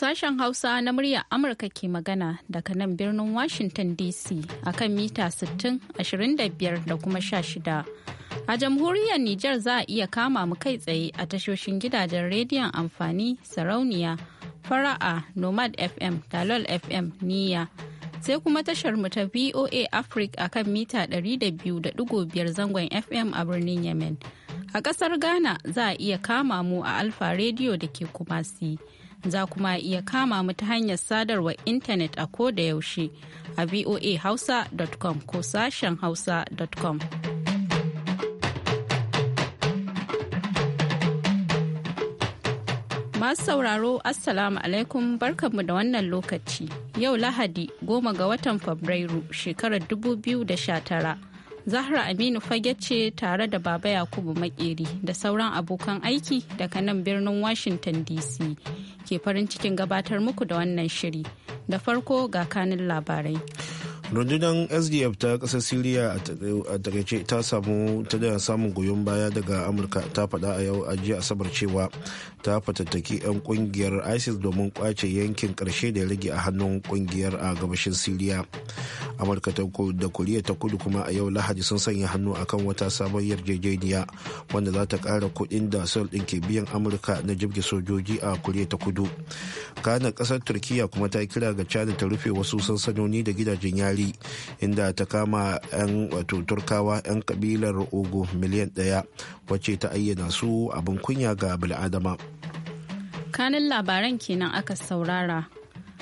Sashen Hausa na muryar Amurka ke magana daga nan birnin Washington DC akan mita 60, 25 da kuma 16. A jamhuriyar Nijar za a iya kama mu kai tsaye a tashoshin gidajen rediyon amfani sarauniya, fara'a, Nomad FM, Dalol FM, niya Sai kuma tashar mu ta VOA Africa akan mita 200.5 zangon FM a birnin Yemen. A ƙasar Ghana za a iya kama mu a Alfa Radio da ke Kumasi. za kuma iya kama mu ta hanyar sadarwar intanet a ko da yaushe a voahausa.com ko sashen hausa.com. Masu sauraro Assalamu alaikum barkanmu da wannan lokaci. Yau Lahadi goma ga watan Fabrairu shekarar 2019. Zahra Aminu fage ce tare da Baba Yakubu Makeri da sauran abokan aiki daga nan birnin Washington DC ke farin cikin gabatar muku da wannan shiri. Da farko ga kanin labarai. rundunar sdf ta kasar siriya a takaice ta samu ta samun goyon baya daga amurka ta fada a yau a jiya asabar cewa ta fatattaki 'yan kungiyar isis domin kwace yankin karshe da ya rage a hannun kungiyar a gabashin siriya amurka da koriya ta kudu kuma a yau lahadi sun sanya hannu akan wata sabon yarjejeniya wanda za ta kara kuɗin da sol din ke biyan amurka na jibge sojoji a kuriya ta kudu kana kasar turkiya kuma ta kira ga chad ta rufe wasu sansanoni da gidajen yari inda ta kama 'yan wato turkawa 'yan kabilar ogo miliyan ɗaya wacce ta ayyana su abin kunya ga bil'adama. kanin labaran kenan aka saurara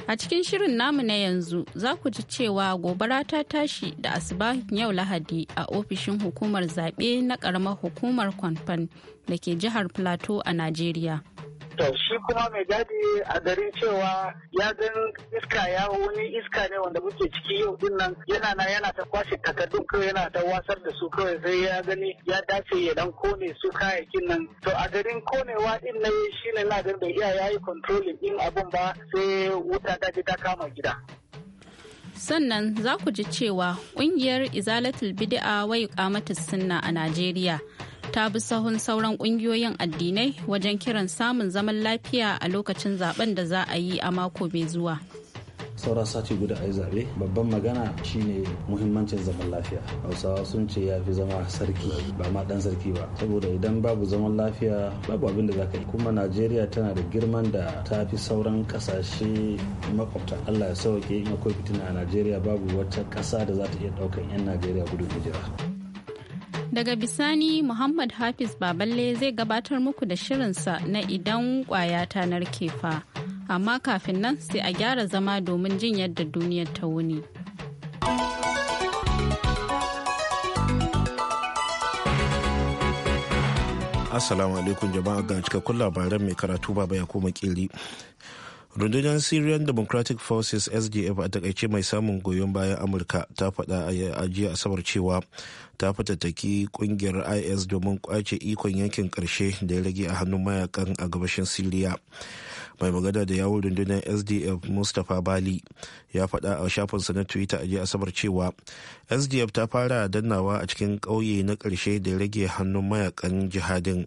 a cikin shirin namu na yanzu za ku ji cewa gobara ta tashi da asibahin yau lahadi a ofishin hukumar zaɓe na ƙaramar hukumar kwanfan da ke jihar plateau a najeriya To shi kuma mai gadi a garin cewa ya gan iska ya wani iska ne wanda muke ciki yau din nan yana na yana ta kwashe takardun kawai yana ta wasar da su kawai sai ya gani ya dace ya dan kone su kayakin nan. To a garin konewa din yi shi ne na gan bai iya yayi kontrolin din abun ba sai wuta ta ta kama gida. sannan za ku ji cewa ƙungiyar izalatul bid'a wai kamatus sunna a najeriya ta bi sahun sauran kungiyoyin addinai wajen kiran samun zaman lafiya a lokacin zaben da za a yi a mako mai zuwa. sauran sati guda a yi zaɓe babban magana shine muhimmancin zaman lafiya hausawa sun ce ya fi zama sarki ba ma dan sarki ba saboda idan babu zaman lafiya babu abin da zaka yi kuma najeriya tana da girman da ta fi sauran ƙasashe makwabta allah ya sauke in akwai fitina a najeriya babu wata ƙasa da za ta iya ɗaukan 'yan najeriya gudun hijira Daga bisani Muhammad Hafiz Baballe zai gabatar muku da shirinsa na idan kwaya ta narke fa. Amma kafin nan sai a gyara zama domin jin yadda duniyar ta wuni. Assalamu alaikum jama'a ga cikakkun labaran mai karatu baba ya koma kiri. rundunar syrian democratic forces sdf a takaice mai samun goyon bayan amurka ta faɗa a jiya asabar cewa ta fatattaki kungiyar is domin kwace ikon yankin ƙarshe da ya rage a hannun mayakan a gabashin syria mai magana da yawon rundunar sdf mustapha bali ya faɗa a shafinsa na twitter a jiya asabar cewa sdf ta fara dannawa a cikin ƙauye na ƙarshe da rage hannun mayakan jihadin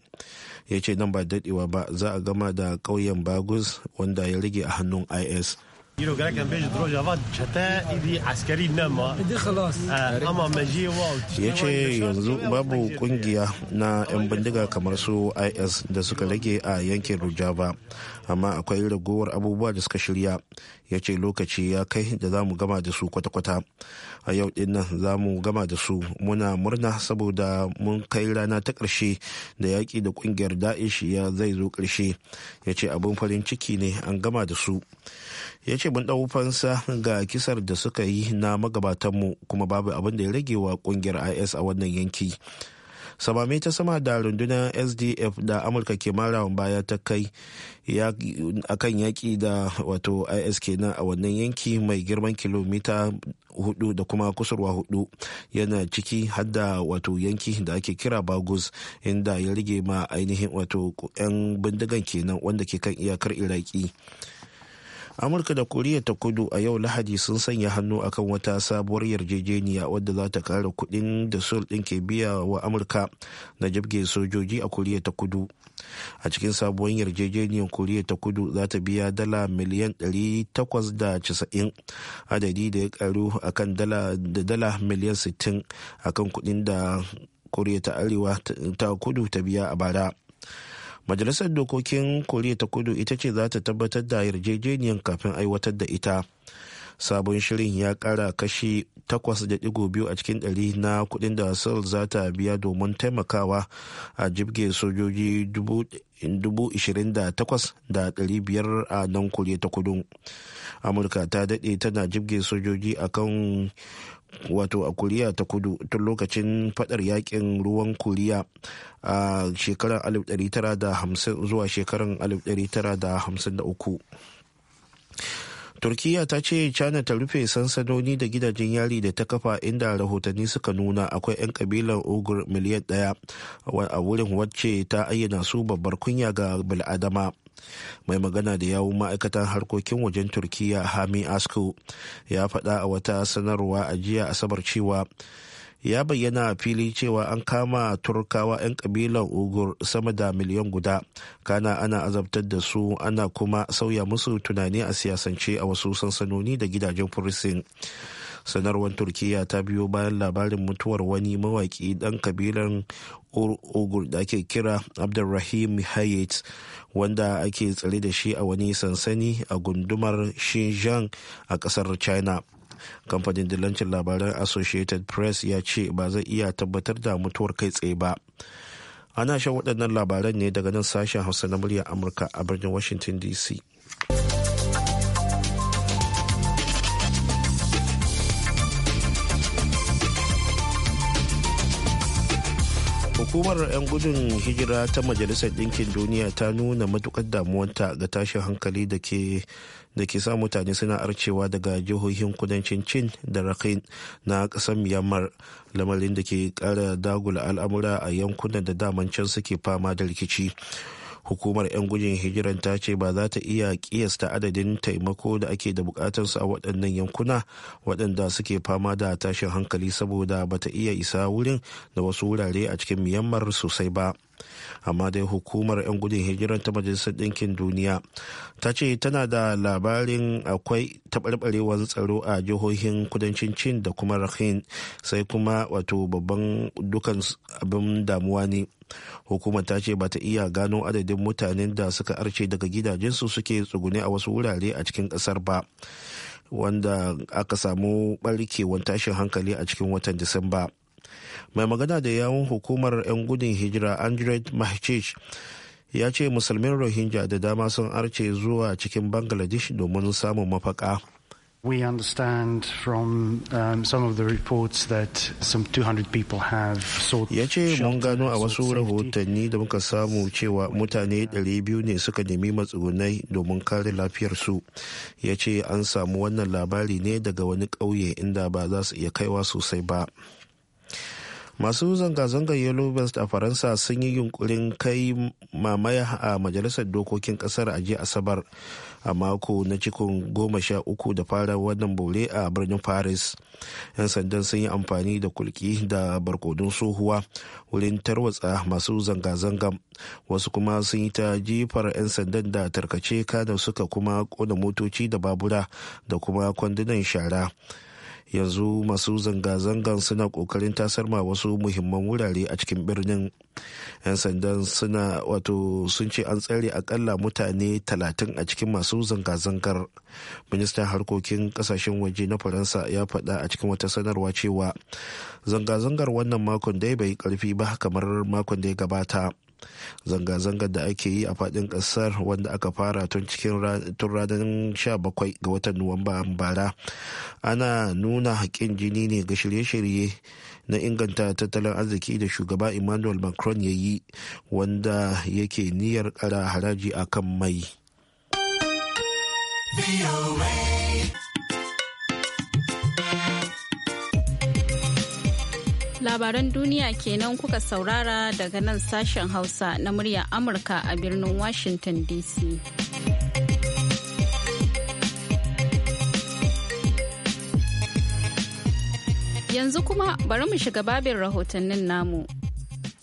ya ce nan ba daɗewa ba za a gama da ƙauyen bagus wanda ya rage a hannun euh, is ya ce yanzu babu kungiya na 'yan bindiga kamar su is da suka rage a yankin rujaba. amma akwai ragowar abubuwa da suka shirya ya ce lokaci ya kai da za mu gama da su kwata-kwata a yau din nan za mu gama da su muna murna saboda mun kai rana ta ƙarshe da yaƙi da ƙungiyar da'ish ya zai zo ƙarshe ya ce abin farin ciki ne an gama da su ya ce mun ɗau fansa ga kisar da suka yi na magabatanmu kuma babu abin da ya rage wa ƙungiyar is a wannan yanki samame ta sama da rundunar sdf da amurka ke marawan baya ta kai a kan yaƙi da wato is kenan a wannan yanki mai girman kilomita hudu da kuma kusurwa hudu yana ciki hadda wato yanki da ake kira bagus inda ya rige ma ainihin wato 'yan bindigan kenan wanda ke kan iyakar iraki amurka da koriya ta kudu a yau lahadi sun sanya hannu akan wata sabuwar yarjejeniya wadda za ta kara kudin da sul din ke biya wa amurka na jibge sojoji a koriya ta kudu a cikin sabuwar yarjejeniyar koriya ta kudu za ta biya dala miliyan 890 adadi da ya karu akan dala dala miliyan 60 akan kudin da koriya ta arewa ta kudu ta biya a bara majalisar dokokin koriya ta kudu ita ce za ta tabbatar da yarjejeniyar kafin aiwatar da ita sabon shirin ya kara kashi 8.2 a cikin ɗari na kudin da seoul za ta biya domin taimakawa a jibge sojoji 28,500 a nan koriya ta kudu amurka ta daɗe tana jibge sojoji akan wato a koriya ta kudu tun lokacin fadar yakin ruwan koriya a shekarar 1950 zuwa shekarar 1953 turkiya ta ce china ta rufe sansanoni da gidajen yari da ta kafa inda rahotanni suka nuna akwai 'yan kabilan ogur miliyan daya a wurin wacce ta ayyana su babbar kunya ga bil'adama mai magana da yawun ma'aikatan harkokin wajen turkiya hami asko ya faɗa a wata sanarwa a jiya asabar cewa ya bayyana a fili cewa an kama turkawa 'yan kabilar ugur sama da miliyan guda kana ana azabtar da su ana kuma sauya musu tunani a siyasance a wasu sansanoni da gidajen furisin sanarwar turkiya ta biyo bayan labarin mutuwar wani mawaki dan kabilan ogur da ake kira abdulrahim hayat wanda ake tsare da shi a wani sansani a gundumar xinjiang a kasar china kamfanin dillancin labaran associated press ya ce ba zai iya tabbatar da mutuwar kai tsaye ba ana shan waɗannan labaran ne daga nan sashen hausa na muryar amurka a birnin washington dc hukumar 'yan gudun hijira ta majalisar ɗinkin duniya ta nuna matukar damuwanta ga tashin hankali da ke sa mutane suna arcewa daga jihohin kudancin cin da rakhine na ƙasar myanmar lamarin da ke ƙara dagula al'amura a yankunan da daman can suke fama da rikici hukumar 'yan gudun hijiran ta ce ba za ta iya kiyasta adadin taimako da ake da bukatarsu a waɗannan yankuna waɗanda suke fama da tashin hankali saboda ba ta iya isa wurin da wasu wurare a cikin myanmar sosai ba amma dai hukumar 'yan gudun hijiran ta majalisar ɗinkin duniya ta ce tana da labarin akwai taɓarɓarewar tsaro a jihohin kudancin cin da kuma rahin sai kuma wato babban dukan abin damuwa ne hukumar ta ce ba ta iya gano adadin mutanen da suka arce daga gidajensu suke tsugune a wasu wurare a cikin ƙasar ba wanda aka samu ɓarkewar tashin hankali a cikin watan disamba mai magana da yawun hukumar 'yan gudun hijira andrej mahcic ya ce musulmin rohingya da dama sun arce zuwa cikin bangladesh domin samun mafaka We understand from um, some of the reports that some 200 people have sought Ya ce mun gano a wasu rahotanni da muka samu cewa mutane 200 ne suka nemi matsugunai domin kare lafiyarsu. Ya ce an samu wannan labari ne daga wani ƙauye inda ba za su iya kaiwa sosai ba. masu zanga-zangar yellow vest a faransa sun yi yunkurin kai mamaya a majalisar dokokin kasar a jiya asabar a mako na cikin goma sha uku da fara wannan bore a birnin paris yan sandan sun yi amfani da kulki da barkodin sohuwa wurin tarwatsa masu zanga-zanga wasu kuma sun yi ta jifar yan sandan da tarkace kada suka kuma kona motoci da babura da kuma kwandunan shara yanzu masu zanga-zangan suna kokarin ma wasu muhimman wurare a cikin birnin yan sandan suna wato sun ce an tsare akalla mutane talatin a cikin masu zanga-zangar ministan harkokin kasashen waje na faransa ya faɗa a cikin wata sanarwa cewa zanga-zangar wannan makon dai bai karfi ba kamar makon da ya gabata zanga-zangar da ake yi a fadin kasar wanda aka fara tun cikin ranar 17 ga watan nuwamba bara ana nuna haƙƙin jini ne ga shirye-shirye na inganta tattalin arziki da shugaba emmanuel macron ya yi wanda yake niyyar ƙara haraji a kan mai. labaran duniya kenan kuka saurara daga nan sashen hausa na murya amurka a birnin washington dc yanzu kuma bari mu shiga babin rahotannin namu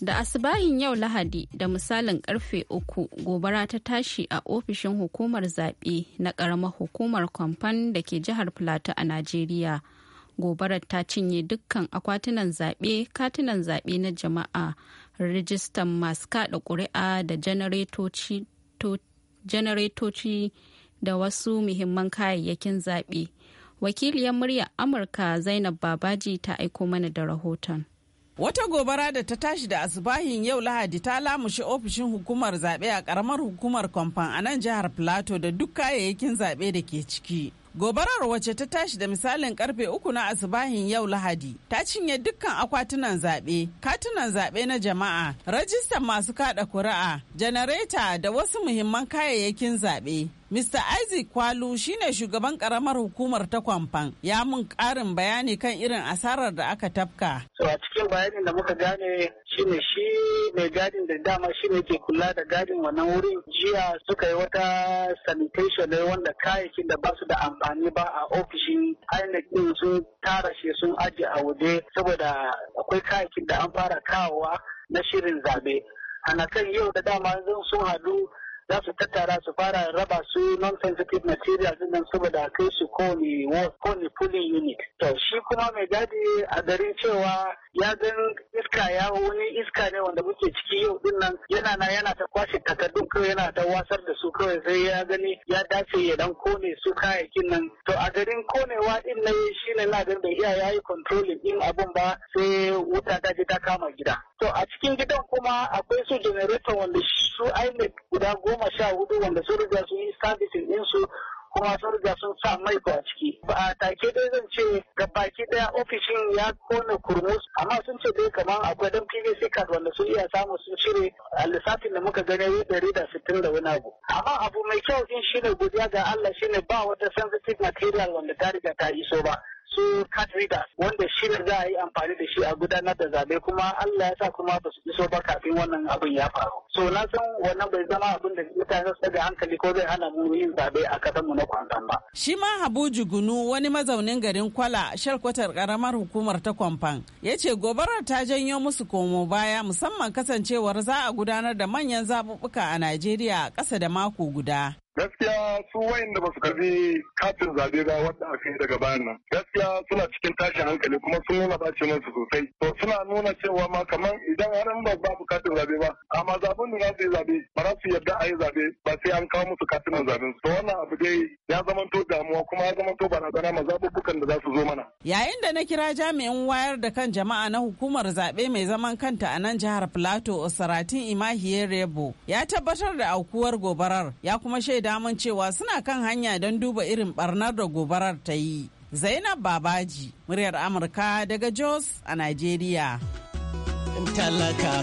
da asibahin yau lahadi da misalin karfe uku gobara ta tashi a ofishin hukumar zaɓe na ƙaramar hukumar kwamfan da ke jihar plateau a najeriya gobarar ta cinye dukkan akwatunan zaɓe katunan zaɓe na jama'a rijistan masu kaɗa ƙuri'a da janaretoci da wasu muhimman kayayyakin zaɓe wakiliyar murya amurka zainab babaji ta aiko mana da rahoton Wata gobara da ta tashi da asibahin yau Lahadi ta lamushe ofishin hukumar zaɓe a ƙaramar hukumar kwamfan a nan jihar Plateau da duk kayayyakin zaɓe da ke ciki. Gobarar wace ta tashi da misalin karfe uku na asubahin yau Lahadi ta cinye dukkan akwatunan zaɓe, katunan zaɓe na jama'a, rajistan masu kaɗa kuri'a, janareta da wasu muhimman kayayyakin zaɓe. Mr. Isaac Kwalu shine shugaban karamar hukumar ta kwamfan ya mun karin bayani kan irin asarar da aka tafka. So a cikin bayanin da muka gane shine shi mai gadin da dama shi ne ke kula da gadin wannan wurin jiya suka yi wata sanitation ne wanda kayayyakin da ba su da amfani ba a ofishin INEC din sun tara shi sun ajiye a waje saboda akwai kayayyakin da an fara kawowa na shirin zabe. Ana kan yau da dama sun haɗu za su tattara su fara raba su non-sensitive material nan saboda kai su kowane kowane pulling unit. To shi kuma mai gadi a garin cewa ya gani iska ya wani iska ne wanda muke ciki yau din nan yana na yana ta kwashe takardun kawai yana ta wasar da su kawai sai ya gani ya dace ya dan kone su kayayyakin nan to a garin konewa din nan shine na ganin da iya yayi controlling din abun ba sai wuta ta je ta kama gida to a cikin gidan kuma akwai su generator wanda su INEC guda goma sha hudu wanda su riga su yi servicing din su kuma sun riga sun sa mai a ciki ba a take dai zan ce ga baki daya ofishin ya kona kurmus amma sun ce dai kamar akwai dan pvc card wanda sun iya samu sun cire a lissafin da muka gani ɗari da sittin da wani abu amma abu mai kyau din shine godiya ga allah shine ba wata sensitive material wanda ta riga ta iso ba su card readers wanda shi za a yi amfani da shi a gudanar da zabe kuma Allah ya sa kuma ba su iso ba kafin wannan abin ya faru. So na san wannan bai zama abin da mutane su daga hankali ko zai hana mu yin zabe a kasar mu na Kwanzan ba. Shi ma Habu Jugunu wani mazaunin garin Kwala sharkwatar karamar hukumar ta Kwamfan ya ce gobarar ta janyo musu komo baya musamman kasancewar za a gudanar da manyan zaɓuɓɓuka a Najeriya a ƙasa da mako guda. gaskiya su wayanda ba su karbi katin zabe ba wanda aka yi daga bayan nan gaskiya suna cikin tashin hankali kuma sun nuna bacin sosai to suna nuna cewa ma kamar idan har ba babu katin zabe ba amma zaben da za su yi zabe ba za su yarda a yi zabe ba sai an kawo musu katinan zaben su to wannan abu dai ya zamanto damuwa kuma ya zamanto barazana ma zaɓuɓɓukan da za su zo mana. yayin da na kira jami'in wayar da kan jama'a na hukumar zaɓe mai zaman kanta a nan jihar plateau osaratin imahiyar rebo ya tabbatar da aukuwar gobarar ya kuma shaida daman cewa suna kan hanya don duba irin barnar da gobarar ta yi. Zainab Babaji, muryar Amurka daga Jos a Najeriya. Talaka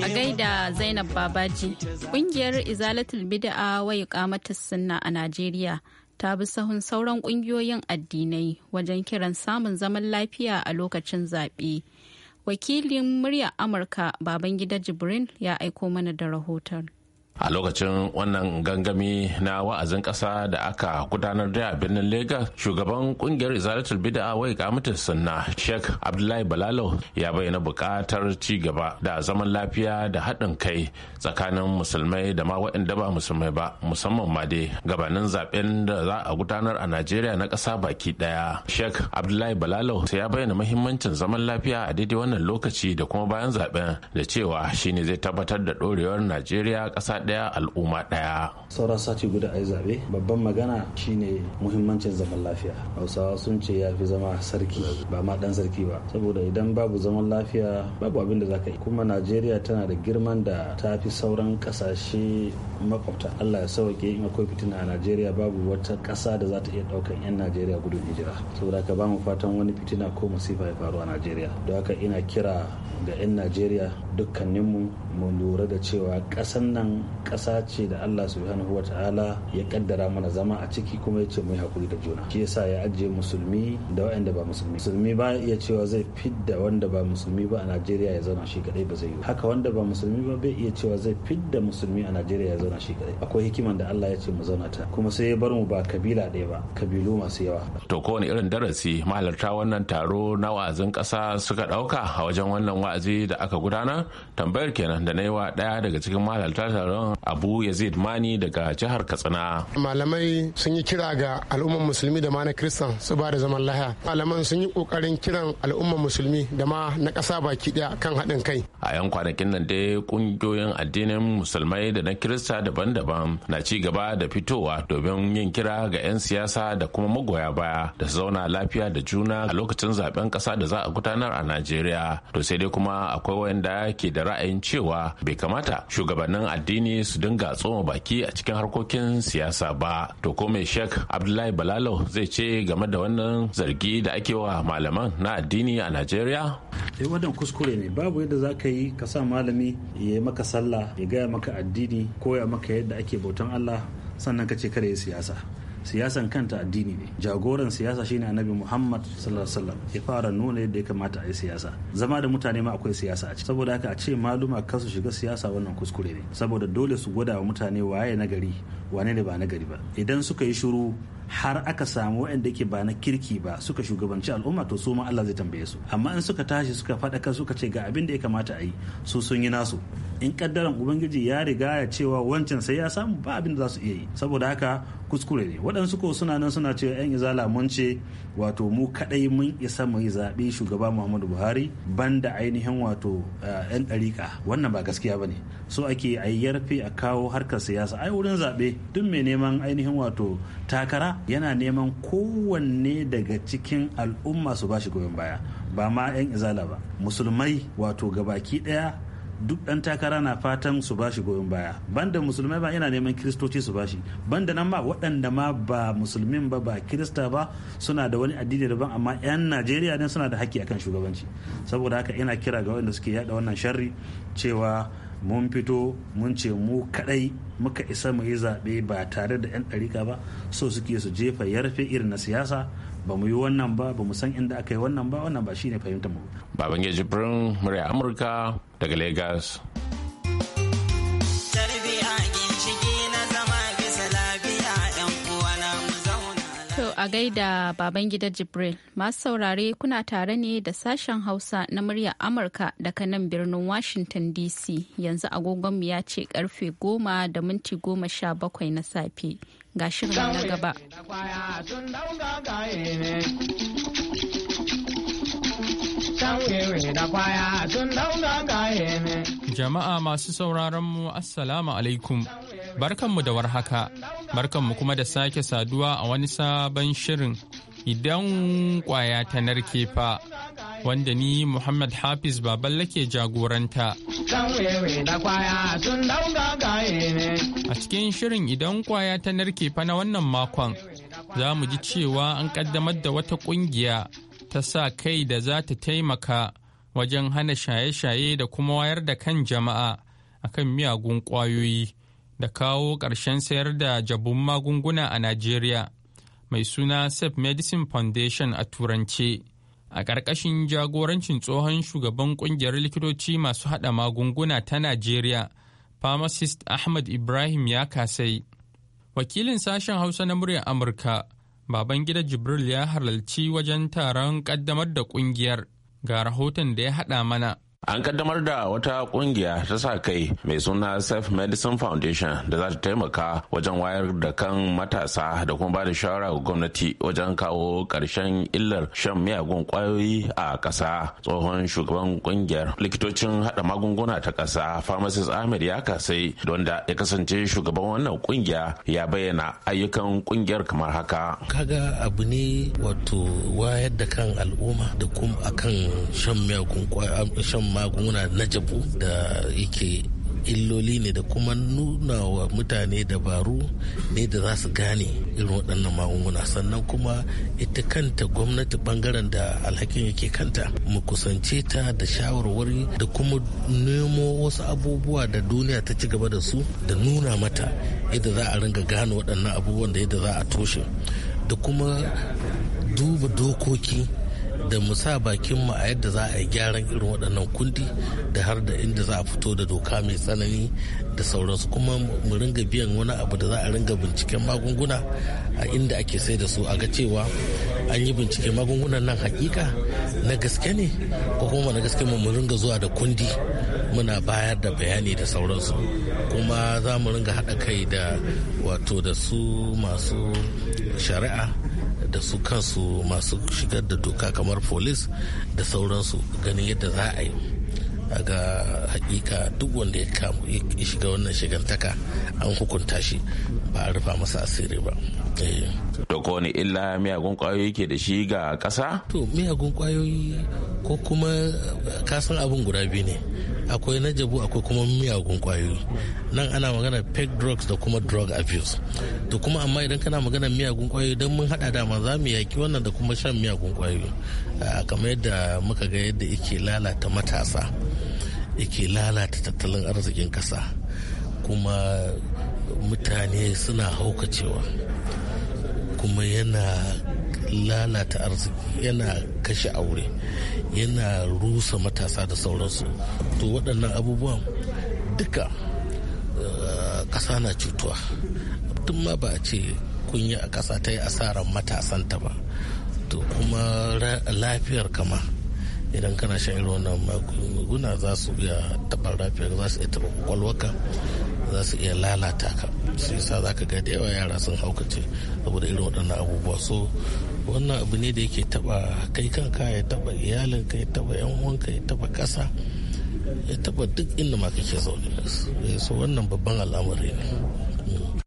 A gaida Zainab Babaji, ƙungiyar Izalatul Bid'a wai kamatar sunna a Najeriya ta bi sahun sauran ƙungiyoyin addinai wajen kiran samun zaman lafiya a lokacin zaɓe. wakilin muryar amurka babangida jibrin ya aiko mana da rahoton a lokacin wannan gangami na wa'azin ƙasa da aka gudanar da birnin legas, shugaban kungiyar izalatul bid'a wai kamatar sunna sheikh abdullahi balalo ya bayyana bukatar ci gaba da zaman lafiya da haɗin kai tsakanin musulmai da ma waɗanda ba musulmai ba musamman ma dai gabanin zaben da za a gudanar a najeriya na ƙasa baki ɗaya sheikh abdullahi balalo ya bayyana mahimmancin zaman lafiya a daidai wannan lokaci da kuma bayan zaben da cewa shine zai tabbatar da ɗorewar najeriya ƙasa daya al'umma daya sauran sati guda a yi zaɓe babban magana shine muhimmancin zaman lafiya hausawa sun ce ya fi zama sarki ba ma dan sarki ba saboda idan babu zaman lafiya babu abin da za ka yi kuma najeriya tana da girman da ta fi sauran ƙasashe makwabta allah ya sauke in akwai fitina a najeriya babu wata ƙasa da za ta iya ɗaukan 'yan najeriya gudun hijira saboda ka ba mu fatan wani fitina ko masifa ya faru a najeriya don haka ina kira ga 'yan najeriya dukkaninmu mu lura da cewa ƙasan nan ƙasa ce da Allah subhanahu wa ta'ala ya kaddara mana zama a ciki kuma ya ce mu yi hakuri da juna shi yasa ya ajiye musulmi da waɗanda ba musulmi musulmi ba iya cewa zai fidda wanda ba musulmi ba a Najeriya ya zauna shi kadai ba zai yi haka wanda ba musulmi ba bai iya cewa zai fidda musulmi a Najeriya ya zauna shi kadai akwai hikiman da Allah ya ce mu zauna ta kuma sai ya bar mu ba kabila ɗaya ba kabilu masu yawa to kowane irin darasi mahalarta wannan taro na wa'azin ƙasa suka ɗauka a wajen wannan wa'azi da aka gudanar tambayar kenan da na yi wa ɗaya daga cikin malalta taron abu yazid mani daga jihar katsina malamai sun yi kira ga al'umman musulmi da ma na kristan su ba da zaman lahiya malaman sun yi kokarin kiran al'umman musulmi da ma na kasa baki ɗaya kan haɗin kai a yan kwanakin nan dai ƙungiyoyin addinin musulmai da na kirista daban-daban na ci gaba da fitowa domin yin kira ga 'yan siyasa da kuma magoya baya da su zauna lafiya da juna a lokacin zaben ƙasa da za a gudanar a najeriya to sai dai kuma akwai wanda ke da ra'ayin cewa cewa bai kamata shugabannin addini su dinga tsoma baki a cikin harkokin siyasa ba to ko mai shek abdullahi balalo zai ce game da wannan zargi da ake wa malaman na addini a nigeria. sai eh, wannan kuskure ne babu yadda za ka yi ka sa malami ya yi maka sallah ya gaya maka addini koya maka yadda ake bautan allah sannan ka ce kare siyasa siyasan kanta addini ne jagoran siyasa shine annabi muhammad sallallahu alaihi wasallam ya fara nuna yadda ya kamata a yi siyasa zama da mutane ma akwai siyasa a ciki saboda haka a ce maluma su shiga siyasa wannan kuskure ne saboda dole su gwada wa mutane waye na gari wane ne ba na gari ba idan suka yi shiru har aka samu waɗanda ke ba na kirki ba suka shugabanci al'umma to su ma Allah zai tambaye su amma in suka tashi suka faɗaka suka ce ga abin da ya kamata a yi su sun yi nasu in kaddaran ubangiji ya riga ya cewa wancan sai ya samu ba abin da za su iya yi saboda haka kuskure ne waɗansu ko suna nan suna cewa 'yan izala mun ce wato mu kaɗai mun isa mu yi zaɓe shugaba muhammadu buhari banda ainihin wato eh, 'yan ɗariƙa wannan ba gaskiya ba ne so ake a yarfe a kawo harkar siyasa ai wurin zaɓe duk mai neman ainihin wato takara yana neman kowanne daga cikin al'umma su bashi goyon baya ba ma 'yan izala ba musulmai wato gabaki daya duk ɗan takara na fatan su bashi goyon baya banda musulmai ba yana neman kiristoci su bashi banda nan ma waɗanda ma ba musulmin ba ba kirista ba suna da wani addini daban amma 'yan najeriya ne suna da haƙƙi akan shugabanci saboda haka ina kira ga waɗanda suke yada wannan sharri cewa mun fito mun ce mu kadai muka isa mu yi zaɓe ba tare da 'yan ɗarika ba so suke su jefa yarfe irin na siyasa ba mu yi wannan ba ba mu san inda aka yi wannan ba wannan ba shine fahimtar mu babangeji birnin murya amurka daga lagos a gaida baban gida Jibril. Masu saurare kuna tare ne da sashen Hausa na muryar Amurka daga nan birnin Washington DC yanzu agogonmu ya ce karfe goma da minti goma sha bakwai na safe. Ga shirin na gaba. Jama'a masu sauraron mu Assalamu alaikum. Barkanmu da warhaka. mu kuma da sake saduwa a wani sabon shirin idan kwaya ta narke fa wanda ni Muhammad Hafiz Baballe ke jagoranta. A cikin shirin idan kwaya ta narke fa na wannan makon za mu ji cewa an kaddamar da wata kungiya ta sa kai da za ta taimaka wajen hana shaye-shaye da kuma wayar da kan jama'a akan miyagun kwayoyi. da kawo ƙarshen sayar da jabun magunguna a Najeriya mai suna Safe Medicine Foundation a Turance. A ƙarƙashin jagorancin tsohon shugaban ƙungiyar likitoci masu haɗa magunguna ta Najeriya, pharmacist Ahmad Ibrahim ya kasai. Wakilin sashen Hausa na muryar Amurka, baban gida Jibril ya halarci wajen taron ƙaddamar da ƙungiyar ga rahoton da ya haɗa mana. an kaddamar da wata kungiya ta sa kai mai suna self medicine foundation da za ta taimaka wajen wayar da kan matasa da kuma ba da shawara ga gwamnati wajen kawo ƙarshen illar shan miyagun kwayoyi a ƙasa tsohon shugaban kungiyar likitocin hada magunguna ta ƙasa pharmacist ahmed ya kasai da ya kasance shugaban wannan kungiya ya bayyana ayyukan kungiyar kamar haka kaga abu ne wato wayar da kan al'umma da kuma akan shan miyagun shan magunguna na jabu da yake illoli ne da kuma nuna wa mutane dabaru ne da za su gane irin waɗannan magunguna sannan kuma ita kanta gwamnati bangaren da alhakin yake kanta mu kusance ta da shawarwari da kuma nemo wasu abubuwa da duniya ta ci gaba da su da nuna mata yadda za a ringa gane waɗannan abubuwan da yadda za a toshe da kuma duba dokoki da mu sa mu a yadda za a yi gyaran irin waɗannan kundi da har da inda za a fito da doka mai tsanani da sauransu kuma mu ringa biyan wani abu da za a ringa binciken magunguna a inda ake sai da su a ga cewa an yi binciken magungunan nan hakika na gaske ne ko kuma na gaske mu ringa zuwa da kundi muna bayar da bayani da sauransu kuma za mu ringa haɗa kai da wato da su masu shari'a da su kansu masu shigar da doka kamar polis da sauransu ganin yadda za a yi ga hakika duk wanda ya kamu shiga wannan shigantaka an hukunta shi ba a rufa masa asiri ba to ko ne illa miyagun kwayoyi ke da shi ga kasa to miyagun kwayoyi ko kuma kasan abin guda biyu ne akwai na jabu akwai kuma miyagun kwayoyi nan ana magana peg drugs da kuma drug abuse to kuma amma idan kana magana miyagun kwayoyi don mun hada dama za mu yaki wannan da kuma shan miyagun kwayoyi kamar yadda muka ga yadda ike lalata matasa ike lalata tattalin arzikin kasa kuma mutane suna haukacewa kuma yana lalata arziki yana kashe aure yana rusa matasa da sauransu to waɗannan abubuwan duka eh, ƙasa na cutuwa duk ma ba a ce kunya a ƙasa ta yi asarar matasanta ba to kuma lafiyar kama idan kana shan irin wannan magunguna za su iya taɓa lafiyar za su iya taɓa kwakwalwaka za su iya lalata ka su yasa za ka ga da yawa yara sun haukace saboda irin waɗannan abubuwa so wannan abu ne da yake taba kai kanka ya taba iyalinka ya taba yan uwanka ya taba ƙasa ya taba duk inda ma kake zaune so wannan babban al'amari ne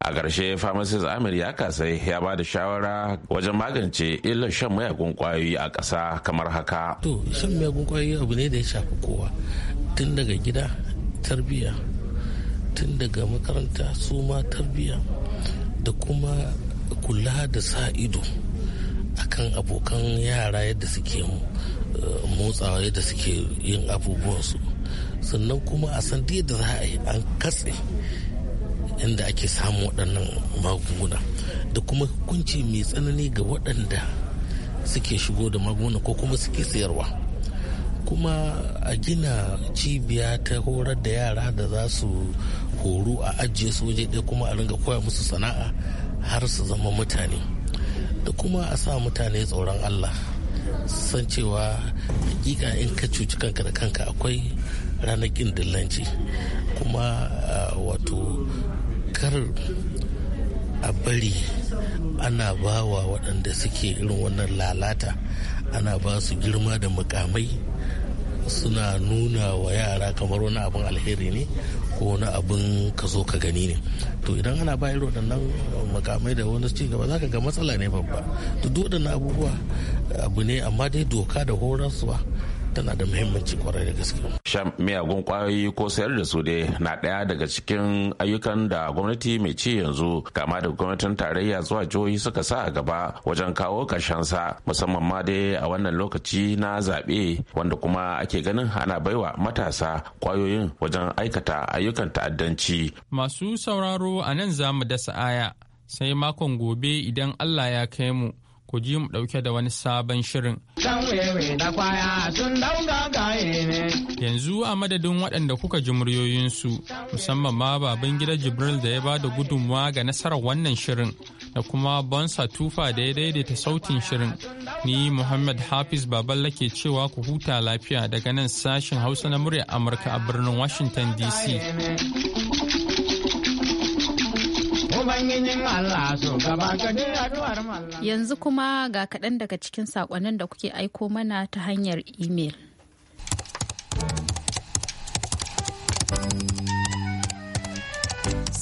a ƙarshe pharmacist amir ya kasai ya ba da shawara wajen magance illar shan mayagun kwayoyi a ƙasa kamar haka to shan mayagun kwayoyi abu ne da ya shafi kowa tun daga gida tarbiyya tun daga makaranta su ma tarbiyya da kuma kula da sa ido akan abokan yara yadda suke eh, motsawa yadda suke yin abubuwansu sannan kuma a san yadda za a yi an katse inda ake samun waɗannan magunguna da kuma hukunci mai tsanani ga waɗanda suke shigo da magunguna ko kuma suke sayarwa kuma a gina cibiya ta horar da yara da za su horo a ajiye su waje ɗaya kuma a ringa koya musu sana'a har su zama mutane da kuma a sa mutane tsoron allah san cewa hakika in ka cuci kanka da kanka akwai ranar dillanci kuma wato kar a bari ana ba wa waɗanda suke irin wannan lalata ana ba su girma da mukamai suna nuna wa yara kamar wani abin alheri ne ko wani abin ka zo ka gani ne to idan ana bayar waɗannan makamai da wani ci gaba za ka ga matsala ne babba to duk waɗannan abubuwa abu ne amma dai doka da horaswa tana da muhimmanci kwarai da gaske. Shan miyagun kwayoyi ko sayar da su dai na ɗaya daga cikin ayyukan da gwamnati mai ci yanzu kama da gwamnatin tarayya zuwa jihohi suka sa a gaba wajen kawo sa musamman ma dai a wannan lokaci na zaɓe wanda kuma ake ganin ana baiwa matasa kwayoyin wajen aikata ayyukan ta'addanci. Masu sauraro a nan za mu dasa aya sai makon gobe idan Allah ya kai mu. ku ji mu ɗauke da wani sabon shirin. Yanzu a madadin waɗanda kuka ji muryoyinsu musamman ma baban gida Jibril da ya ba da gudunmawa ga nasarar wannan shirin da kuma Bonsa Tufa da ya daidaita sautin shirin. Ni Muhammad Hafiz Baballa ke cewa ku huta lafiya daga nan sashen Hausa na muryar Amurka a birnin Washington DC. Yanzu kuma ga kaɗan daga cikin saƙonnin da kuke aiko mana ta hanyar imel.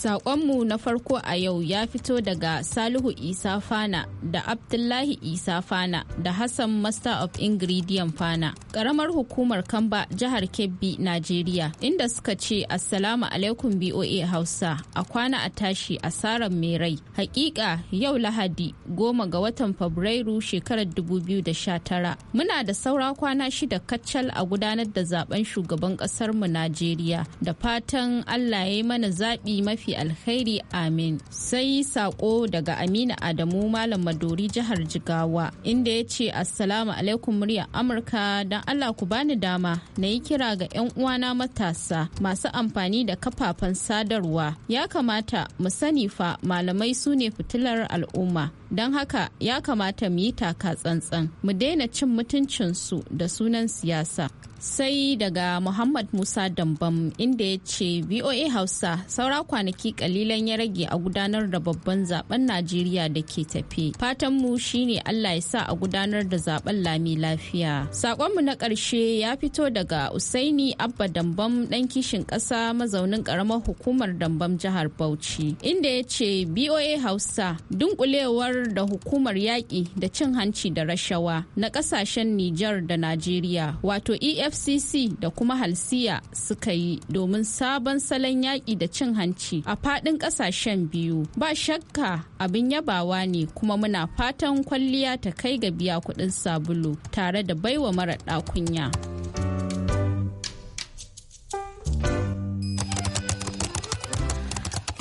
Sakonmu na farko a yau ya fito daga Salihu Isa Fana da Abdullahi Isa Fana da Hassan Master of Ingredient Fana, ƙaramar hukumar Kamba jihar Kebbi, Najeriya, inda suka ce Assalamu alaikum BOA Hausa a kwana a tashi asarar mai rai. Hakika yau Lahadi goma ga watan Fabrairu shekarar 2019. Muna da saura kwana shida kacal a gudanar da zaben shugaban ƙasarmu Najeriya da fatan Allah ya yi mana zaɓi mafi mafi alheri amin sai sako daga amina adamu malam madori jihar jigawa inda ya ce assalamu alaikum murya amurka don allah ku bani dama na yi kira ga 'yan uwana matasa masu amfani da kafafen sadarwa ya kamata mu sani fa malamai su ne fitilar al'umma don haka ya kamata mu yi taka tsantsan mu daina cin mutuncinsu da sunan siyasa sai daga muhammad musa dambam inda ya ce voa hausa saura kwanaki kalilan ya rage a gudanar da babban zaben najeriya da ke tafe fatanmu shine allah ya sa a gudanar da zaben lami lafiya sakonmu na ƙarshe ya fito daga usaini abba dambam ɗan kishin ƙasa mazaunin ƙaramar hukumar dambam jihar bauchi inda ya ce voa hausa dunkulewar da hukumar yaƙi da cin hanci da rashawa na ƙasashen nijar da najeriya wato ef fcc da kuma halsiya suka yi domin sabon salon yaƙi da cin hanci a faɗin ƙasashen biyu ba shakka abin yabawa ne kuma muna fatan kwalliya ta kai ga biya kuɗin sabulu tare da baiwa mara ɗakunya.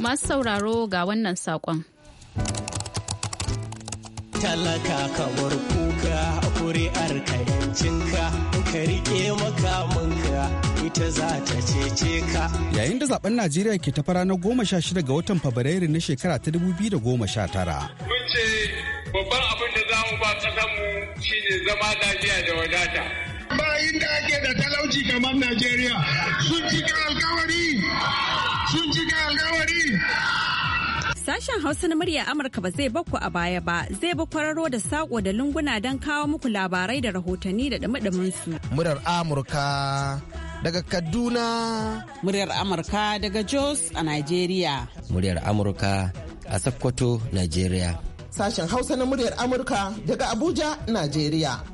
masu sauraro ga wannan saƙon talaka kamar kuka kuri'ar ka yancinka ka rike makamanka ita za ta cece ka yayin da zaben najeriya ke ta fara na goma sha shida ga watan fabrairu na shekara ta dubu biyu da goma sha tara mun ce babban abin da za mu ba kasanmu shine zama lafiya da wadata bayin da ake da talauci kamar najeriya sun cika alkawari sun cika alkawari Sashen Hausa na murya Amurka ba zai bakku a baya ba, zai bi kwararo da sako da lunguna don kawo muku labarai da rahotanni da dumi su. Murar Amurka daga Kaduna. Muryar Amurka daga Jos a Najeriya. Muryar Amurka a Sokoto, Najeriya. Sashen Hausa na muryar Amurka daga Abuja, Najeriya.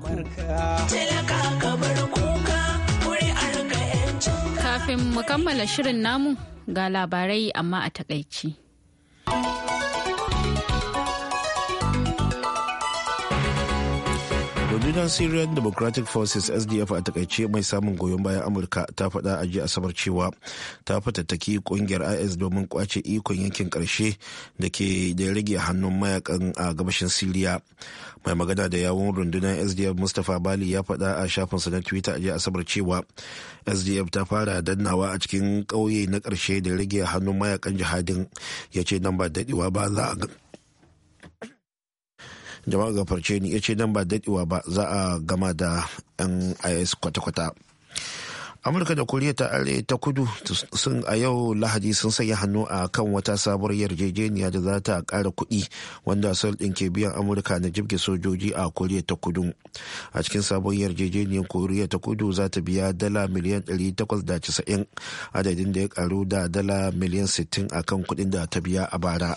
ku. Kafin mu kammala shirin namu ga labarai amma a takaici. rundunar syrian democratic forces sdf a takaice mai samun goyon bayan amurka ta faɗa a jiya asabar cewa ta fatattaki kungiyar is domin kwace ikon yankin karshe da ke da rage hannun mayakan a gabashin syria mai magana da yawun rundunar sdf mustapha bali ya faɗa a shafinsa na twitter a jiya asabar cewa sdf ta fara dannawa a cikin ƙauye na ƙarshe da rage hannun mayakan jihadin ya ce nan ba daɗewa ba za a jama'a ga farce ni ya ce nan ba daɗewa ba za a gama da yan is kwata-kwata amurka da koriya ta arewa ta kudu sun a yau lahadi sun sanya hannu a kan wata sabuwar yarjejeniya da za ta kara kuɗi wanda sol ɗin ke biyan amurka na jibge sojoji a koriya ta kudu a cikin sabuwar yarjejeniyar koriya ta kudu za ta biya dala miliyan 890 adadin da ya karu da dala miliyan 60 a kan kuɗin da ta biya a bara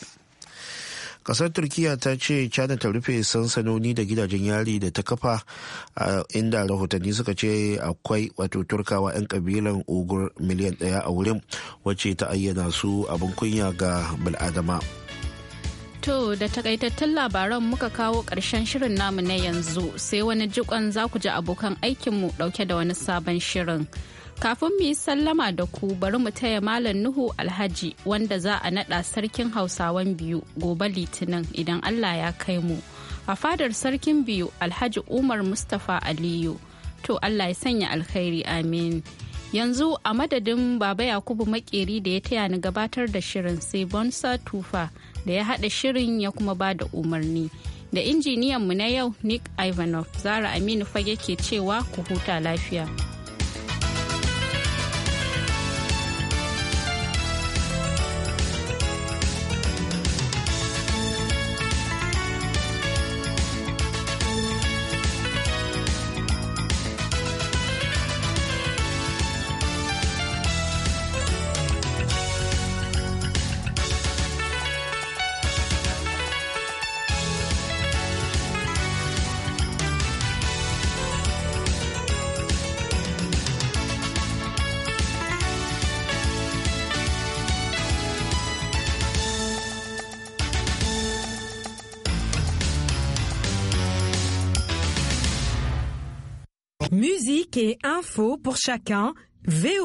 kasar turkiya ta ce china ta rufe sansanoni da gidajen yari da ta kafa inda rahotanni suka ce akwai wato turkawa 'yan kabilan ugur miliyan daya a wurin wacce ta ayyana su abin kunya ga bil'adama to da takaitattun labaran muka kawo karshen shirin namu na yanzu sai wani jikon za ku ji abokan aikinmu dauke da wani sabon shirin. Kafin mu yi sallama da ku bari mu taya Malam Nuhu Alhaji wanda za a naɗa sarkin Hausawan biyu gobe Litinin idan Allah ya kai mu. A fadar sarkin biyu Alhaji Umar Mustapha Aliyu. To Allah ya sanya alkhairi amin. Yanzu a madadin Baba Yakubu Makeri da ya taya ni gabatar da shirin sai Bonsa Tufa da ya haɗa shirin ya kuma ba da umarni. Da injiniyan mu na yau Nick Ivanov, Zara Aminu fage ke cewa ku huta lafiya. chacun